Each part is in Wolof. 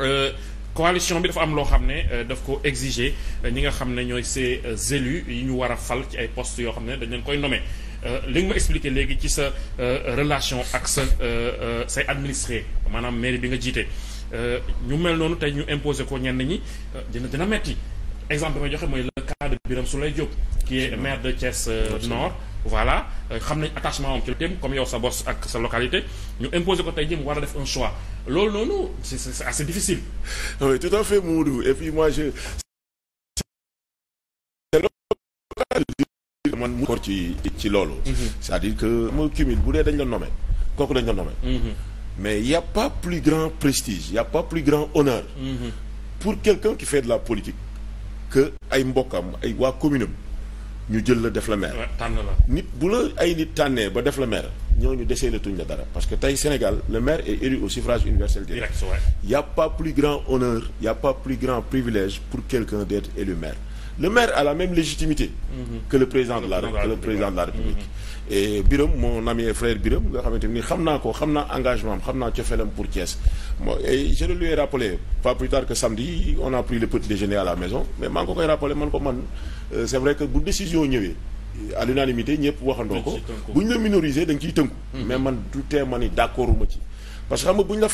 Euh, coalition bi dafa am loo xam ne euh, daf ko exiger euh, ñi nga xam ne ñooy ces élus yi ñu war a fal ci ay postes yoo xam ne dañ leen koy nommer li nga ma expliqué léegi ci sa relation ak sa say administré maanaam mairie bi nga jiite ñu mel noonu tey ñu imposer ko ñenn ñi dina dina metti exemple bi may joxe mooy le cas de Birame Souleye Diop qui maire de Thiès Nord voilà euh, xam nañ attachement am ci comme yow sa bos ak sa localité ñu imposer ko tey jii mu war a def un choix loolu noonu c'est c'est assez difficile. oui tout à fait Moudou et ci ci loolu. Mm-hmm. c'est-à-dire que mu cumul bu dee dañ la nommé kooku dañ la nommé. Mm-hmm. mais y a pas plus grand prestige y a pas plus grand honneur. Mm-hmm. pour quelqu'un qui fait de la politique que ay mbokkam ay waa commune am ñu jël la def la maire nit bu la ay nit tànnee ba def la maire ñooñu desee la tuñ la dara parce que tey Sénégal le maire est élu au suffrage universel direct y a pas plus grand honneur y a pas plus grand privilège pour quelqu'un d'être élu maire le maire a la même légitimité mhm. que le président de la que République mhm. et Birame mon ami frère Birame nga xamante ni xam naa ko xam naa engagement am xam naa cofeelam pour Thiès mo et je le lui ai pas plus tard que samedi on a pris le petit déjeuner à la maison mais maa ko koy rappelé man ko man euh, c'est vrai que bu décision ñëwee à l'unanimité ñëpp waxandoo ko bu ñu la minoriser da nga ciy tënku mhm. mais man du tee ma d'accord ma ci parce que xam nga bu ñu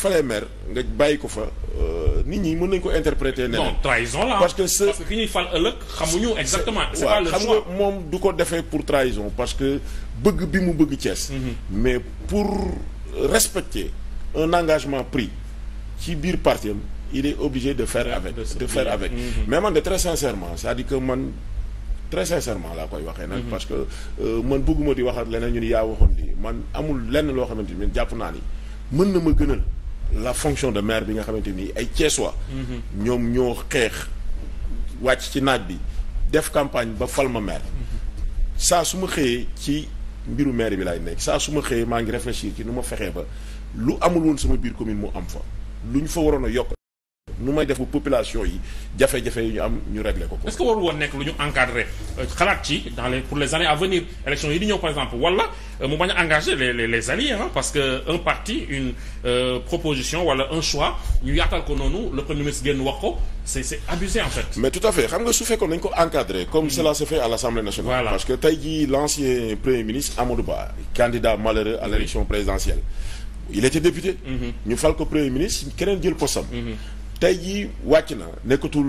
nit ñi mën nañ ko interpréter. neneen non trahison la parce que ce parce que ki ñuy fal ëllëg xamuñu exactement. xam nga moom du ko defee pour trahison parce que bëgg bi mu bëgg Thiès. Mhm. mais pour respecter un engagement pris ci biir parti am il est obligé de faire avec de faire avec mhm. mais man de très sincèrement c'est-à-dire que man très sincèrement laa koy waxee nag mhm. parce que euh, man bëgguma di waxat leneen ñu ni yaa waxoon lii man amul lenn loo xamante ni jàpp naa ni mën na ma gënal la fonction de maire bi nga xamante nii ay Thiessois. ñoom ñoo xeex wàcc ci naaj bi def campagne ba fal ma maire. saa su ma xëyee ci mbiru maire bi laay nekk saa su ma xëyee maa ngi réfléchir ci nu ma fexee ba lu amul woon sama biir commune mu am fa lu ñu fa waroon a yokk. nu may defu bu population yi jafe-jafe yi ñu am ñu régler ko. est-ce que waru woon nekk lu ñu encadré euh, xalaat ci dans les pour les années à venir élection yi di ñëw par exemple wala euh, mu bañ a engagé les les les parce que un parti une euh, proposition wala un choix ñu yaatal ko noonu le premier ministre génn wax ko c'est c'est abusé en fait. tout à fait xam nga su fekkoon nañ ko encadré. comme cela se fait à l'Assemblée nationale. parce que tey jii l'ancien premier ministre Amadou Ba candidat malheureux à l'élection présidentielle il mm-hmm. ñu fal ko premier ministre keneen jël posam. Mm-hmm. tey jii wàcc na nekkatul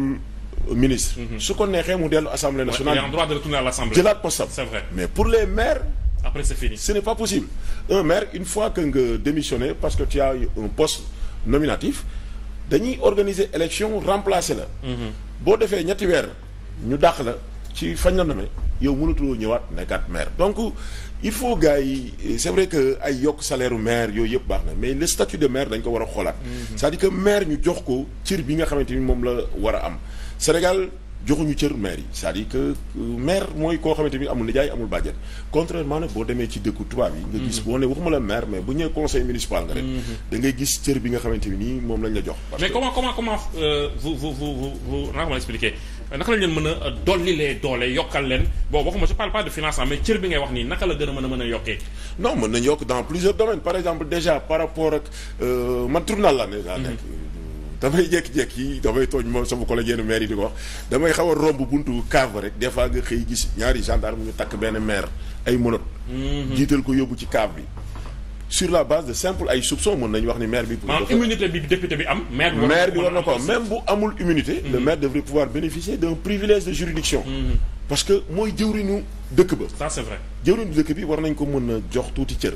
ministre. Mhm. su ko neexee mu dellu assemblée nationale. il est en droit de retourner à l'assemblée jëlaat postam. c'est vrai mais pour les maires. après c'est ce n'est pas possible un maire une fois que nga démissionné parce que tu as un poste nominatif dañuy organiser élection remplacer la. Mhm. boo defee ñetti weer ñu dàq la ci fañ la nommé. yow mënatuloo ñëwaat nekkaat maire donc il faut gars yi c'est vrai que ay yokk salaire u maire yooyu yëpp baax na mais le statut de maire dañ ko war a xoolaat mhm. cest à que maire ñu jox ko cër bi nga xamante ni moom la war a am Sénégal joxuñu cër maire yi c'est-à-dire que euh, maire mooy koo xamante ni amul nijaay amul bàjjen contrairement nag boo demee ci dëkku tubaab yi nga gis mhm. boo ne waxuma la maire mais bu ñëwee conseil municipal nga rek mhm. da ngay gis cër bi nga xamante ni moom lañ la jox mais comment comment comment euh, vous vous vous vous vous expliquer naka lañ leen mën a dolli lee doole yokkal leen bon waxuma je parle pas de financement mais cër bi ngay wax nii naka la gën a mën a mën a yokkee non mën nañ yokk dans plusieurs domaines par exemple déjà par rapport ak euh, man tribunal laa ne laa nekk mhm. damay jékki-jékki damay tooñ moom sama collègue yenn maire yi di ko wax damay xaw a romb buntu cave rek des fois nga xëy gis ñaari gendarme ñu takk benn maire ay monote mhm. jiital ko yóbbu ci cave bi sur la base de simple ay soupçon mën nañu wax ni maire bi. maanaam immunité bi député bi am. maire bi war na ko am même bu amul immunité. Mm-hmm. le maire devrait pouvoir bénéficier d'un privilège de juridiction. Mm-hmm. parce que mooy jëwriñu dëkk ba. ça c'est vrai jëwriñu dëkk bi war nañ ko mën a jox tuuti cër.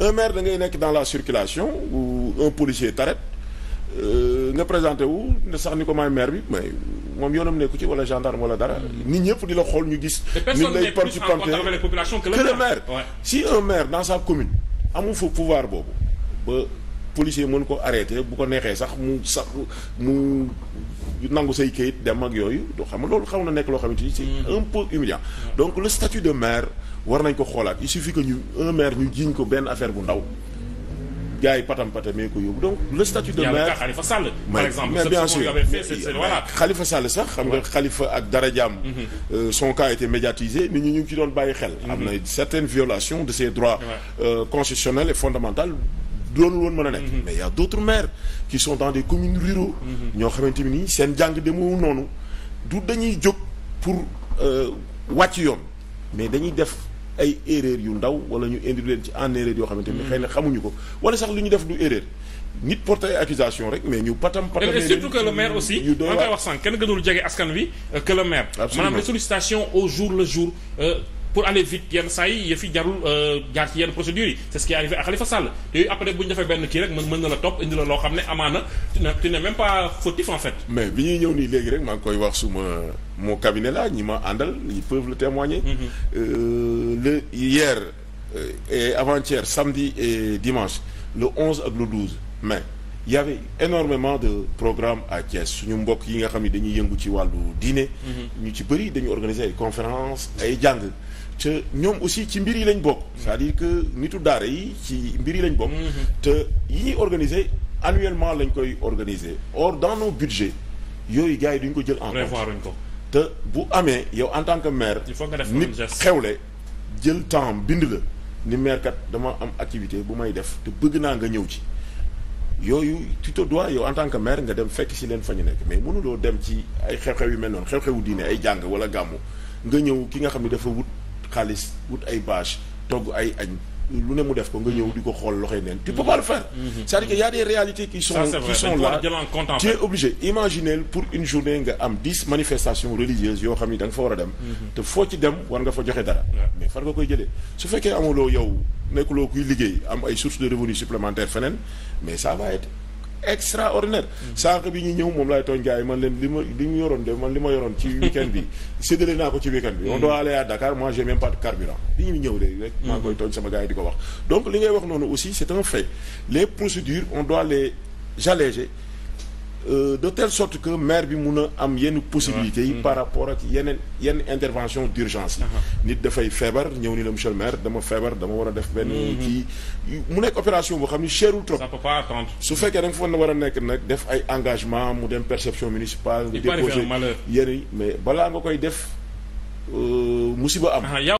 un maire dangay nekk dans la circulation ou un policier t'arrête euh, nga présenté wu ne sax ni ko maay maire bi mais moom yoonam nekku ci wala gendarme wala dara. Mm-hmm. nit ñëpp di la xool ñu gis. ni lay participer que le maire. amu fa pouvoir boobu ba policier mën ko arrêté bu ko neexee sax mu sax mu nangu say kayit dem ak yooyu doo xam loolu xaw na nekk loo xamante ni c'est mm-hmm. un peu humiliant donc le statut de maire war nañ ko xoolaat il suffit que ñu un maire ñu jiiñ ko benn affaire bu ndaw gars yi patam patamee ko yóbbu donc le statut de maire mais bien sûr voilà Khalifa sax xam nga xalifa ak darajaam mhm. euh, son cas était médiatisé nit ñi ñu ngi ci doon bàyyi xel am na mhm. certaines violations de ses droits euh, constitutionnels et fondamentaux doonul woon mën a nekk mhm. mais y a d'autres maires qui sont dans des communes ruraux ñoo xamante ni nii seen jàng demewul noonu du dañuy jóg pour euh, wàcc yoon mais dañuy def ay erreur yu ndaw wala ñu indi leen ci en erreur yoo xamante ni hmm. xëy na xamuñu ko wala sax lu ñu def du erreur nit porté ay accusation rek mais ñu patam patam mais surtout que aussi yu doy wax sànq kenn gënul jege askan wi euh, que le maire au jour le jour euh, pour aller vite yenn saa yi yëf yi jarul euh, jaar ci yenn procédures yi c'est ce qui est arrivé à Khalifa Sall te yooyu après bu ñu defee benn kii rek mën mën na la topp indi la loo xam ne amaana tu n'es même pas fautif en fait. mais bi ñuy ñëw nii léegi rek maa ngi koy wax suma mon cabinet là ñi ma àndal ils peuvent le témoigner. Mm-hmm. Euh, le hier euh, et avant-hier samedi et dimanche le onze ak le 12 mai. y avait énormément de programme à Thiès suñu mbokk yi nga xam ne dañuy yëngu ci wàllu diine. Mhm. ñu ci bëri dañu organiser ay conférence ay jàng. te ñoom aussi ci mbir yi lañ bokk. Mhm. c'est-à-dire que nitu daara yi ci mbir yi lañ bokk. Mhm. te yi ñuy organiser annuellement lañ koy organiser or dans nos budgets yooyu gars yi duñ ko jël en compte. te bu amee yow en tant que maire. il faut nga def nit xewle jël temps bind la ni maire kat dama am activité bu may def te bëgg naa nga ñëw ci. yooyu tu te dois yow en tant que maire nga dem fekk si leen fa ñu nekk mais mënuloo dem ci ay xew-xew yu mel noonu xew-xewu diine ay jàng wala gàmmu nga ñëw ki nga xam ne dafa wut xaalis wut ay bâche togg ay añ lu ne mu def ko nga ñëw di ko xool loxoy neen tu peux pas le faire mm-hmm. c'est-à-dire que a des réalités qui sont qui sont là tu es obligé pour une journée nga am dix manifestation religieuses yoo xam ni da nga fa war a dem mm-hmm. te foo ci dem war nga fa joxe dara mais far nga koy jëlee su fekkee amuloo yow nekkuloo kuy liggéey am ay sources de revenus supplémentaires feneen mais ça va être extraordinaire mm-hmm. sànq bi ñuy ñëw moom laay tooñ gars yi man leen li ma li ñu yoroon de man li ma yoroon ci week-end bi séddale naa ko ci week-end bi on doit mm-hmm. aller à Dakar moi j'ai pas de carburant li ñuy ñëw de maa koy mm-hmm. tooñ sama gars yi di ko wax donc li ngay wax noonu aussi c'est un fait les procédures on doit les alléger Euh, de telle sorte que maire bi mun a am yenn possibilités yi par mm-hmm. rapport ak yeneen yenn intervention d'urgence yi uh-huh. nit dafay feebar ñëw ni la monsieur maire dama feebar dama war a def benn mm-hmm. mu nekk opération boo xam ni cherul trop su fekkee da nga fa war a nekk nag def ay engagement mu dem perception municipale déposer yenn mais balaa nga koy def euh, musiba am ah,